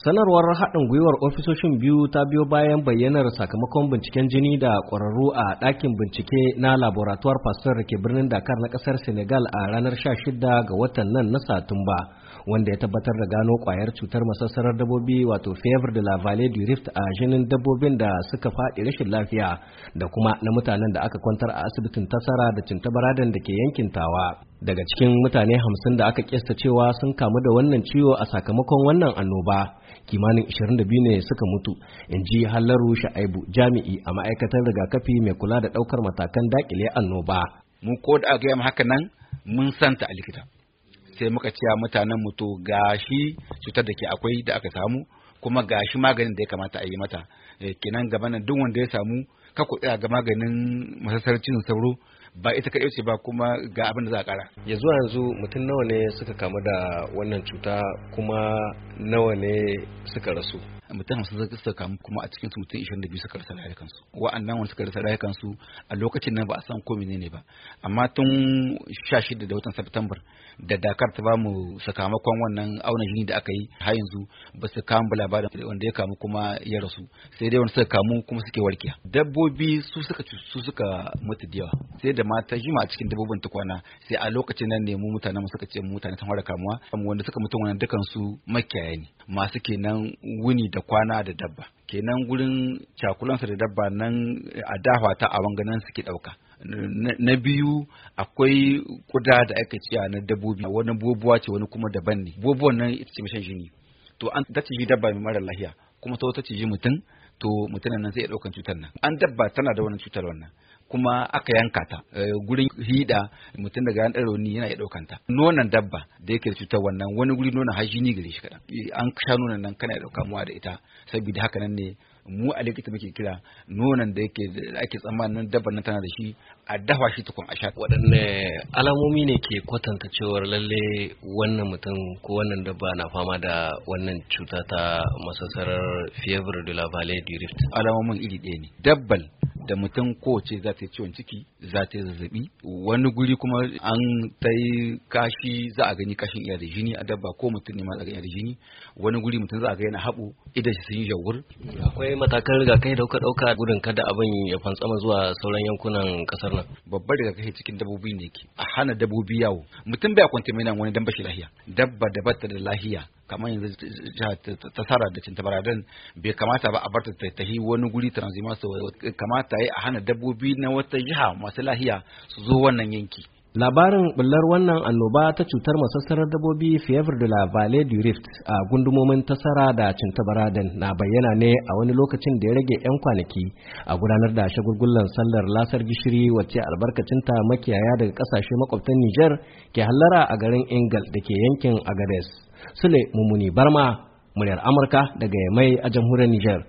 sanarwar haɗin gwiwar ofisoshin biyu ta biyo bayan bayyanar sakamakon binciken jini da ƙwararru a ɗakin bincike na laboratoire pasteur da ke birnin dakar na ƙasar senegal a ranar 16 ga watan nan na satumba wanda ya tabbatar da gano ƙwayar cutar masassarar dabobi wato fever de la vallée du rift a jinin dabbobin da suka faɗi rashin lafiya da kuma na mutanen da aka kwantar a asibitin tasara da cintabaradan da ke yankin tawa daga cikin mutane hamsin da aka kesta cewa sun kamu da wannan ciwo a sakamakon wannan annoba kimanin 22 ne suka mutu in ji halaru sha'aibu jami'i a ma'aikatar rigakafi mai kula da daukar matakan dakile annoba mu ko da aka yi haka nan mun santa a likita sai muka cewa mutanen mutu gashi cutar da ke akwai da aka samu kuma gashi maganin da ya kamata a yi mata eh, kenan gaba nan duk wanda ya samu ka kuɗi ga maganin masasar cin sauro ba ita kaɗai ce ba kuma ga abin da za a ƙara. ya zuwa yanzu mutum nawa ne suka kamu da wannan cuta kuma nawa ne suka rasu mutum hamsin suka kamu kuma a cikin mutum ishirin da biyu suka rasa rayukansu wa'annan wani suka rasa rayukansu a lokacin nan ba a san ko menene ba amma tun sha shida da watan september da dakar ta ba mu sakamakon wannan auna jini da aka yi har yanzu ba su kamu labarin wanda ya kamu kuma ya rasu sai dai wani suka kamu kuma suke warkiya dabbo dabbobi su suka su suka mutu da yawa sai da mata jima a cikin dabbobin ta kwana sai a lokacin nan ne mu mutane mu suka ce mu mutane ta fara kamuwa wanda suka mutu wannan dukan su makiyaye ne masu kenan wuni da kwana da dabba kenan gurin cakulansa da dabba nan a dahwa ta a wanganan suke dauka na biyu akwai kuda da aka ciya na dabbobi wani bobuwa ce wani kuma daban ne bobuwan nan ita ce mishan shi ne to an ta shi dabba mai mara lahiya kuma ta wata ci mutum to mutumin nan zai ya ɗaukan cutar nan an dabba tana da wannan cutar wannan kuma aka yanka ta eh, gurin hida mutum daga yan rauni yana iya ɗaukan ta nonon dabba da yake cutar wannan wani guri nonon har jini gare shi kadan an sha nonon nan kana dauka muwa da ita saboda haka nan ne mu a likita muke kira nonon da yake ake tsammanin dabba nan tana da shi a dafa shi tukun a sha waɗanne alamomi ne ke kwatanta cewar lalle wannan mutum ko wannan dabba na fama da wannan cuta ta masasarar fever de la rift alamomin iri ɗaya ne dabbal da mutum kowace za ta yi ciwon ciki za ta yi zazzabi wani guri kuma an ta yi kashi za a gani kashin iya da jini a dabba ko mutum ne ma za a da jini wani guri mutum za a ga yana haɓu idan shi sun yi jawur. akwai matakan rigakafi da kuka ɗauka gudun kada abin ya fantsama zuwa sauran yankunan kasar nan. babbar rigakafi cikin dabbobi ne ke a hana dabbobi yawo mutum bai kwanta mai nan wani dan bashi lahiya dabba da bata da lahiya kamar yanzu jihar ta sara da cinta baradan bai kamata ba a bar ta tahi wani guri transhumance kamata ya a hana dabbobi na wata jiha masu lahiya su zo wannan yanki Labarin bullar wannan annoba ta cutar masassarar dabobi Fever de la Vallée du Rift a gundumomin tasara da cintabaradan na bayyana ne a wani lokacin da ya rage 'yan kwanaki a gudanar da shagulgullan sallar lasar gishiri wacce albarkacinta makiyaya daga kasashe makwabtan Nijar ke hallara a garin Ingal da ke yankin Agades. Sule Mumuni Barma, muryar Amurka daga Yamai a jamhuriyar Nijar.